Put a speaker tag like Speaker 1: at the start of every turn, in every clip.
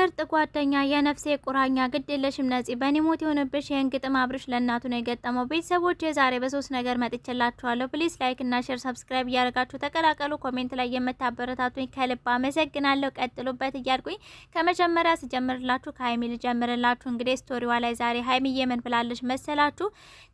Speaker 1: ምርጥ ጓደኛ፣ የነፍሴ ቁራኛ፣ ግድየለሽም ነፂ፣ በእኔ ሞት የሆነብሽ ይህን ግጥም አብርሽ ለእናቱ ነው የገጠመው። ቤተሰቦች የዛሬ በሶስት ነገር መጥቼላችኋለሁ። ፕሊስ ላይክ እና ሼር ሰብስክራይብ እያደረጋችሁ ተቀላቀሉ። ኮሜንት ላይ የምታበረታቱኝ ከልብ አመሰግናለሁ። ቀጥሉበት እያልኩኝ ከመጀመሪያ ስጀምርላችሁ ከሀይሚ ልጀምርላችሁ። እንግዲህ ስቶሪዋ ላይ ዛሬ ሀይሚዬ ምን ብላለች መሰላችሁ?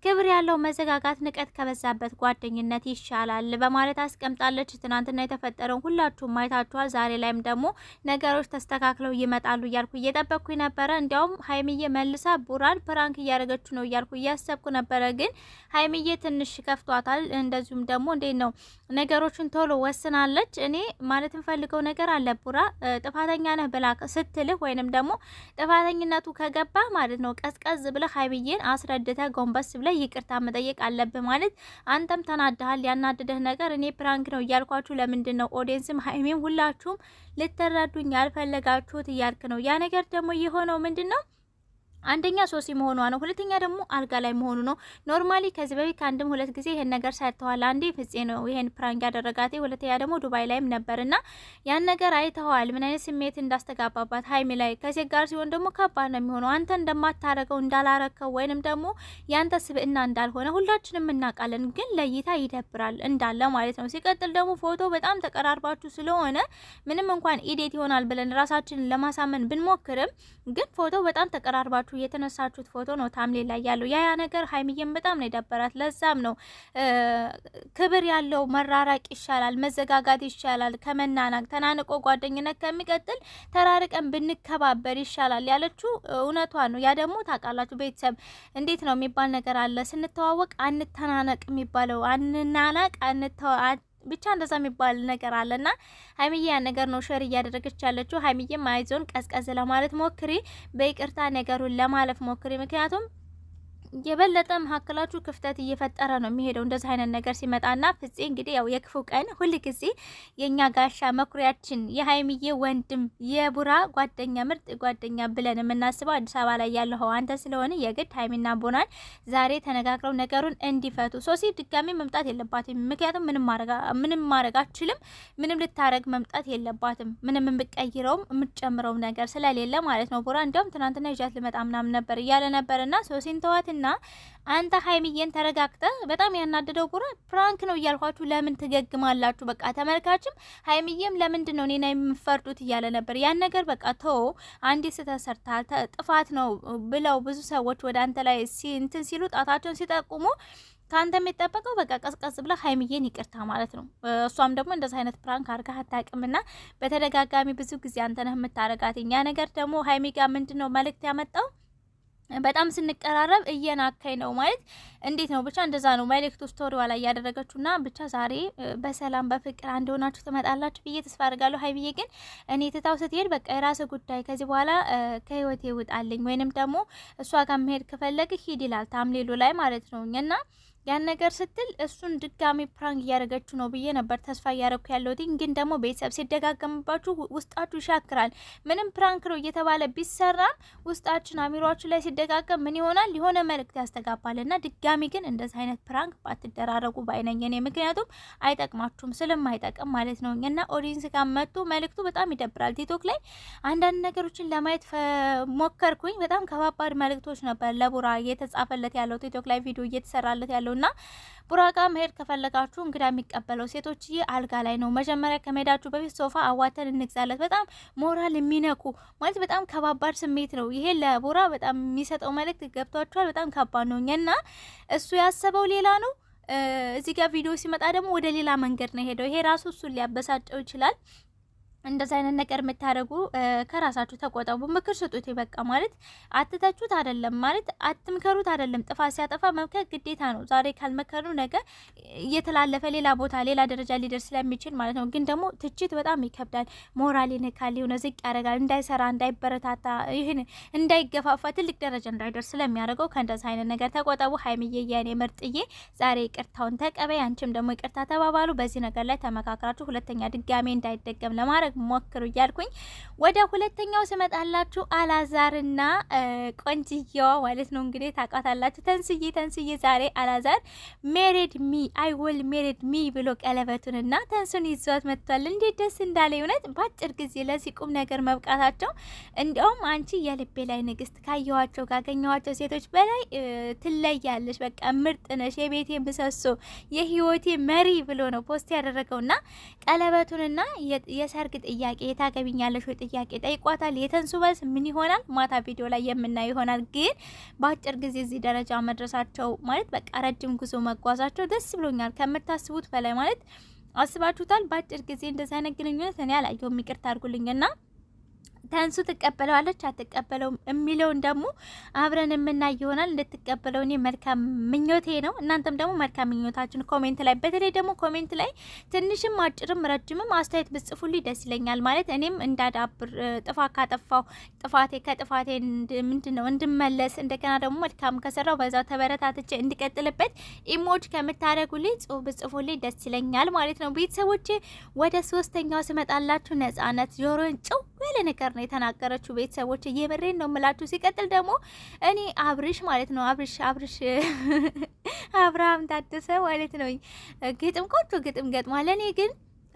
Speaker 1: ክብር ያለው መዘጋጋት ንቀት ከበዛበት ጓደኝነት ይሻላል በማለት አስቀምጣለች። ትናንትና የተፈጠረውን ሁላችሁም አይታችኋል። ዛሬ ላይም ደግሞ ነገሮች ተስተካክለው ይመጣል ይሆናሉ እያልኩ እየጠበቅኩኝ ነበረ። እንዲያውም ሀይሚዬ መልሳ ቡራን ፕራንክ እያደረገች ነው እያልኩ እያሰብኩ ነበረ። ግን ሀይሚዬ ትንሽ ከፍቷታል። እንደዚሁም ደግሞ እንዴት ነው ነገሮችን ቶሎ ወስናለች። እኔ ማለት የምፈልገው ነገር አለ። ቡራ ጥፋተኛ ነህ ብላ ስትልህ ወይንም ደግሞ ጥፋተኝነቱ ከገባ ማለት ነው ቀዝቀዝ ብለህ ሀይሚዬን አስረድተ ጎንበስ ብለህ ይቅርታ መጠየቅ አለብህ። ማለት አንተም ተናድሃል። ያናድደህ ነገር እኔ ፕራንክ ነው እያልኳችሁ ለምንድን ነው ኦዲየንስም ሀይሚም ሁላችሁም ልትረዱኝ ያልፈለጋችሁት እያል እያልክ ነው። ያ ነገር ደግሞ የሆነው ምንድን ነው አንደኛ ሶሲ መሆኗ ነው፣ ሁለተኛ ደግሞ አልጋ ላይ መሆኑ ነው። ኖርማሊ ከዚህ በፊት ከአንድም ሁለት ጊዜ ይሄን ነገር ሰርተዋል። አንዴ ፍጼ ነው ይሄን ፕራንክ ያደረጋት፣ ሁለተኛ ደግሞ ዱባይ ላይም ነበርና ያን ነገር አይተዋል፣ ምን አይነት ስሜት እንዳስተጋባባት ሀይሚ ላይ። ከሴት ጋር ሲሆን ደግሞ ከባድ ነው የሚሆነው። አንተ እንደማታረገው እንዳላረከው ወይንም ደግሞ ያንተ ስብዕና እንዳልሆነ ሁላችንም እናውቃለን፣ ግን ለእይታ ይደብራል እንዳለ ማለት ነው። ሲቀጥል ደግሞ ፎቶ በጣም ተቀራርባችሁ ስለሆነ ምንም እንኳን ኢዴት ይሆናል ብለን ራሳችንን ለማሳመን ብንሞክርም ግን ፎቶ በጣም ተቀራርባችሁ ሆናችሁ የተነሳችሁት ፎቶ ነው ታምሌ ላይ ያለው። ያ ያ ነገር ሀይሚዬም በጣም ነው የደበራት። ለዛም ነው ክብር ያለው መራራቅ ይሻላል፣ መዘጋጋት ይሻላል ከመናናቅ ተናንቆ ጓደኝነት ከሚቀጥል ተራርቀን ብንከባበር ይሻላል ያለችው እውነቷ ነው። ያ ደግሞ ታውቃላችሁ ቤተሰብ እንዴት ነው የሚባል ነገር አለ። ስንተዋወቅ አንተናነቅ የሚባለው አንናናቅ ብቻ እንደዛ የሚባል ነገር አለና ሀይሚዬ ያ ነገር ነው ሸር እያደረገች ያለችው። ሀይሚዬ ማይዞን ቀዝቀዝ ለማለት ሞክሪ፣ በይቅርታ ነገሩን ለማለፍ ሞክሪ። ምክንያቱም የበለጠ መካከላችሁ ክፍተት እየፈጠረ ነው የሚሄደው እንደዚህ አይነት ነገር ሲመጣና ፍፄ እንግዲህ ያው የክፉ ቀን ጊዜ የእኛ ጋሻ መኩሪያችን የሀይምዬ ወንድም የቡራ ጓደኛ ምርጥ ጓደኛ ብለን የምናስበው አዲስ አበባ ላይ ያለው አንተ ስለሆነ የግድ ሀይሚና ቦናን ዛሬ ተነጋግረው ነገሩን እንዲፈቱ ሶሲ ድጋሚ መምጣት የለባትም። ምክንያቱም ምንም ማድረግ አችልም። ምንም ልታረግ መምጣት የለባትም። ምንም የምቀይረውም የምጨምረውም ነገር ስለሌለ ማለት ነው። ቡራ እንዲያውም ትናንትና ይዣት ልመጣ ምናምን ነበር እያለ ነበር እና ሶሲን ተዋት እና አንተ ሀይሚዬን ተረጋግጠ። በጣም ያናደደው ጉራ ፕራንክ ነው እያልኳችሁ ለምን ትገግማላችሁ? በቃ ተመልካችም ሀይሚዬም ለምንድን ነው እኔና የምፈርዱት እያለ ነበር። ያን ነገር በቃ ቶ አንዴ ስተሰርታል ጥፋት ነው ብለው ብዙ ሰዎች ወደ አንተ ላይ እንትን ሲሉ ጣታቸውን ሲጠቁሙ ከአንተ የሚጠበቀው በቃ ቀዝቀዝ ብለ ሀይሚዬን ይቅርታ ማለት ነው። እሷም ደግሞ እንደዚህ አይነት ፕራንክ አርጋ ና በተደጋጋሚ ብዙ ጊዜ አንተ የምታረጋት። ያ ነገር ደግሞ ሀይሚ ጋር ምንድን ነው መልእክት ያመጣው በጣም ስንቀራረብ እየናካኝ ነው ማለት እንዴት ነው? ብቻ እንደዛ ነው መልእክቱ ስቶሪዋ ላይ ያደረገችውና ብቻ ዛሬ በሰላም በፍቅር አንድ ሆናችሁ ትመጣላችሁ ብዬ ተስፋ አድርጋለሁ። ሀይ ብዬ ግን እኔ ትታው ስትሄድ በቃ የራስ ጉዳይ ከዚህ በኋላ ከህይወቴ ይውጣልኝ ወይንም ደግሞ እሷ ጋር መሄድ ከፈለግ ሂድ ይላል ታምሌሉ ላይ ማለት ነው እና ያን ነገር ስትል እሱን ድጋሚ ፕራንክ እያደረገችው ነው ብዬ ነበር ተስፋ እያደረግኩ ያለሁት። ግን ደግሞ ቤተሰብ ሲደጋገምባችሁ ውስጣችሁ ይሻክራል። ምንም ፕራንክ ነው እየተባለ ቢሰራም ውስጣችን አሚሯችሁ ላይ ሲደጋገም ምን ይሆናል? የሆነ መልእክት ያስተጋባል። እና ድጋሚ ግን እንደዚህ አይነት ፕራንክ ባትደራረጉ ባይነኝ እኔ ምክንያቱም አይጠቅማችሁም ስለማይጠቅም ማለት ነው። እና ኦዲንስ ጋር መጥቶ መልእክቱ በጣም ይደብራል። ቲክቶክ ላይ አንዳንድ ነገሮችን ለማየት ሞከርኩኝ። በጣም ከባባድ መልእክቶች ነበር ለቡራ እየተጻፈለት ያለው ቲክቶክ ላይ ቪዲዮ እየተሰራለት ያለው ና ቡራ መሄድ ከፈለጋችሁ እንግዳ የሚቀበለው ሴቶችዬ አልጋ ላይ ነው። መጀመሪያ ከመሄዳችሁ በፊት ሶፋ አዋተን እንግዛለት። በጣም ሞራል የሚነኩ ማለት በጣም ከባባድ ስሜት ነው ይሄ ለቡራ በጣም የሚሰጠው መልእክት ገብቷችኋል። በጣም ከባድ ነው እና እሱ ያሰበው ሌላ ነው። እዚህ ጋር ቪዲዮ ሲመጣ ደግሞ ወደ ሌላ መንገድ ነው ሄደው። ይሄ ራሱ እሱን ሊያበሳጨው ይችላል። እንደዚ አይነት ነገር የምታደርጉ ከራሳችሁ ተቆጠቡ። ምክር ስጡት። በቃ ማለት አትተቹት አይደለም ማለት አትምከሩት አይደለም። ጥፋት ሲያጠፋ መምከር ግዴታ ነው። ዛሬ ካልመከሩ ነገ እየተላለፈ ሌላ ቦታ ሌላ ደረጃ ሊደርስ ስለሚችል ማለት ነው። ግን ደግሞ ትችት በጣም ይከብዳል። ሞራል ይነካል፣ የሆነ ዝቅ ያደርጋል፣ እንዳይሰራ፣ እንዳይበረታታ፣ ይህን እንዳይገፋፋ፣ ትልቅ ደረጃ እንዳይደርስ ስለሚያደርገው ከእንደዚ አይነት ነገር ተቆጠቡ። ሀይምዬ የኔ ምርጥዬ ዛሬ ይቅርታውን ተቀበይ፣ አንቺም ደግሞ ይቅርታ ተባባሉ። በዚህ ነገር ላይ ተመካክራችሁ ሁለተኛ ድጋሜ እንዳይደገም ለማድረግ ሞክሩ እያልኩኝ ወደ ሁለተኛው ስመጣላችሁ አላዛርና ቆንጅየዋ ማለት ነው። እንግዲህ ታውቃታላችሁ። ተንስዬ ተንስዬ ዛሬ አላዛር ሜሪድ ሚ አይ ወል ሜሪድ ሚ ብሎ ቀለበቱንና ተንሱን ይዟት መጥቷል። እንዴት ደስ እንዳለ እውነት በአጭር ጊዜ ለዚህ ቁም ነገር መብቃታቸው። እንዲያውም አንቺ የልቤ ላይ ንግስት ካየኋቸው ካገኘኋቸው ሴቶች በላይ ትለያለሽ፣ በቃ ምርጥ ነሽ፣ የቤቴ ምሰሶ፣ የህይወቴ መሪ ብሎ ነው ፖስት ያደረገውና ቀለበቱንና የሰርግ ጥያቄ ታገቢኛለሽ ወይ ጥያቄ ጠይቋታል። የተንሱ መልስ ምን ይሆናል? ማታ ቪዲዮ ላይ የምናየው ይሆናል። ግን በአጭር ጊዜ እዚህ ደረጃ መድረሳቸው ማለት በቃ ረጅም ጉዞ መጓዛቸው ደስ ብሎኛል ከምታስቡት በላይ ማለት አስባችሁታል። በአጭር ጊዜ እንደዚህ አይነት ግንኙነት እኔ አላየሁም። ይቅርታ አድርጉልኝና ተንሱ ትቀበለዋለች አትቀበለውም የሚለውን ደግሞ አብረን የምናይ ይሆናል። እንድትቀበለው እኔ መልካም ምኞቴ ነው። እናንተም ደግሞ መልካም ምኞታችን ኮሜንት ላይ በተለይ ደግሞ ኮሜንት ላይ ትንሽም አጭርም ረጅምም አስተያየት ብጽፉልኝ ደስ ይለኛል። ማለት እኔም እንዳዳብር ጥፋ ካጠፋው ጥፋቴ ከጥፋቴ ምንድን ነው እንድመለስ እንደገና ደግሞ መልካም ከሰራው በዛው ተበረታትቼ እንድቀጥልበት ኢሞጅ ከምታደርጉልኝ ጽሁፍ ብጽፉልኝ ደስ ይለኛል ማለት ነው። ቤተሰቦቼ ወደ ሶስተኛው ስመጣላችሁ ነጻነት ጆሮን ጭው ነገር ነው የተናገረችው። ቤተሰቦች እየምሬን ነው ምላችሁ። ሲቀጥል ደግሞ እኔ አብርሽ ማለት ነው አብርሽ አብርሽ አብርሃም ታደሰ ማለት ነው ግጥም ቆንጆ ግጥም ገጥሟል። እኔ ግን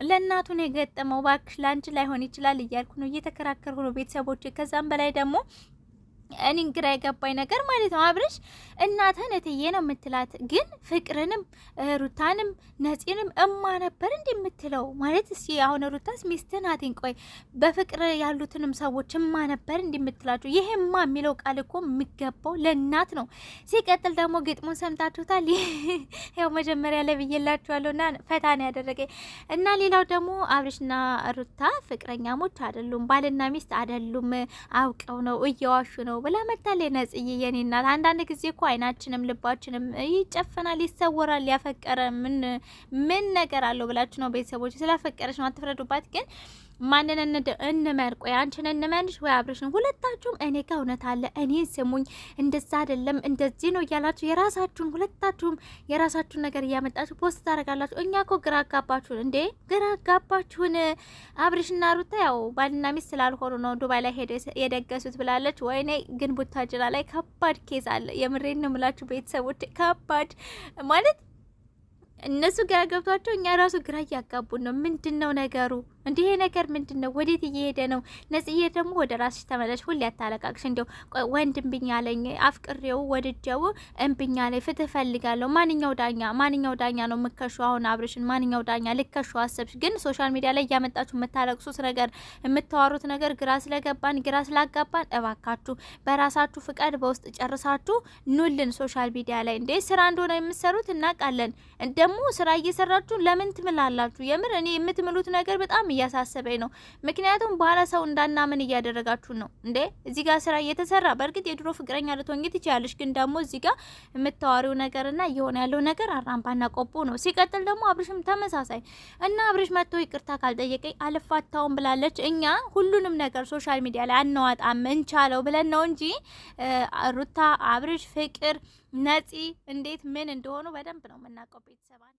Speaker 1: ለእናቱ ነው የገጠመው። እባክሽ ለአንቺ ላይሆን ይችላል እያልኩ ነው እየተከራከርኩ ነው ቤተሰቦች ከዛም በላይ ደግሞ እኔን ግራ የገባኝ ነገር ማለት ነው አብርሽ እናትህን እትዬ ነው የምትላት፣ ግን ፍቅርንም ሩታንም ነፂንም እማ ነበር እንዲ የምትለው ማለት እስ አሁን ሩታስ ሚስትህ ናት። ቆይ በፍቅር ያሉትንም ሰዎች እማ ነበር እንዲ የምትላቸው። ይሄ እማ የሚለው ቃል እኮ የሚገባው ለእናት ነው። ሲቀጥል ደግሞ ግጥሙን ሰምታችሁታል። ያው መጀመሪያ ላይ ብዬላችኋለሁ ፈታ ነው ያደረገ እና ሌላው ደግሞ አብርሽና ሩታ ፍቅረኛሞች አይደሉም፣ ባልና ሚስት አይደሉም። አውቀው ነው እየዋሹ ነው ብላ መታለች ነጽዬ። የኔ እናት አንዳንድ ጊዜ እኮ አይናችንም ልባችንም ይጨፈናል፣ ይሰወራል። ያፈቀረ ምን ምን ነገር አለው ብላችሁ ነው ቤተሰቦች። ስላፈቀረች ነው አትፍረዱባት ግን ማንን እንመርቆ ቆይ እንመንሽ ወይ አብረሽን ሁለታችሁም እኔ ጋ እውነት አለ። እኔ ስሙኝ፣ እንደዛ አይደለም እንደዚህ ነው እያላችሁ የራሳችሁን ሁለታችሁም የራሳችሁን ነገር እያመጣችሁ ፖስት ታደርጋላችሁ። እኛ ኮ ግራ አጋባችሁን እንዴ! ግራ አጋባችሁን። አብረሽና ሩታ ያው ባልና ሚስት ስላልሆኑ ነው ዱባይ ላይ የደገሱት ብላለች። ወይኔ ግን ቡታጅራ ላይ ከባድ ኬዝ አለ። የምሬን ነው የምላችሁ ቤተሰቦች፣ ከባድ ማለት እነሱ ግራ ገብቷቸው እኛ ራሱ ግራ እያጋቡን ነው። ምንድን ነው ነገሩ? እንዲህ ነገር ምንድን ነው? ወዴት እየሄደ ነው? ነጽዬ ደግሞ ወደ ራስሽ ተመለሽ። ሁሌ ያታለቃቅሽ። እንዲያው ወንድ እምብኛ አለኝ፣ አፍቅሬው ወድጀው እምብኛ ላይ ፍትህ ፈልጋለሁ ማንኛው ዳኛ ማንኛው ዳኛ ነው ምከሹ? አሁን አብርሽን ማንኛው ዳኛ ልከሹ አሰብሽ? ግን ሶሻል ሚዲያ ላይ እያመጣችሁ የምታለቅሱት ነገር የምታዋሩት ነገር ግራ ስለገባን ግራ ስላጋባን፣ እባካችሁ በራሳችሁ ፍቃድ በውስጥ ጨርሳችሁ ኑልን። ሶሻል ሚዲያ ላይ እንዴ ስራ እንደሆነ የምትሰሩት እናውቃለን። ደግሞ ስራ እየሰራችሁ ለምን ትምላላችሁ? የምር እኔ የምትምሉት ነገር በጣም እያሳሰበኝ ነው። ምክንያቱም በኋላ ሰው እንዳናምን እያደረጋችሁ ነው። እንዴ እዚህ ጋር ስራ እየተሰራ በእርግጥ የድሮ ፍቅረኛ ልትሆኝ ትችላለች፣ ግን ደግሞ እዚህ ጋር የምታዋሪው ነገርና እየሆነ ያለው ነገር አራምባና ቆቦ ነው። ሲቀጥል ደግሞ አብርሽም ተመሳሳይ እና አብርሽ መጥቶ ይቅርታ ካልጠየቀኝ አልፋታውም ብላለች። እኛ ሁሉንም ነገር ሶሻል ሚዲያ ላይ አናዋጣም እንቻለው ብለን ነው እንጂ ሩታ፣ አብርሽ፣ ፍቅር ነፂ እንዴት ምን እንደሆኑ በደንብ ነው የምናውቀው ቤተሰብ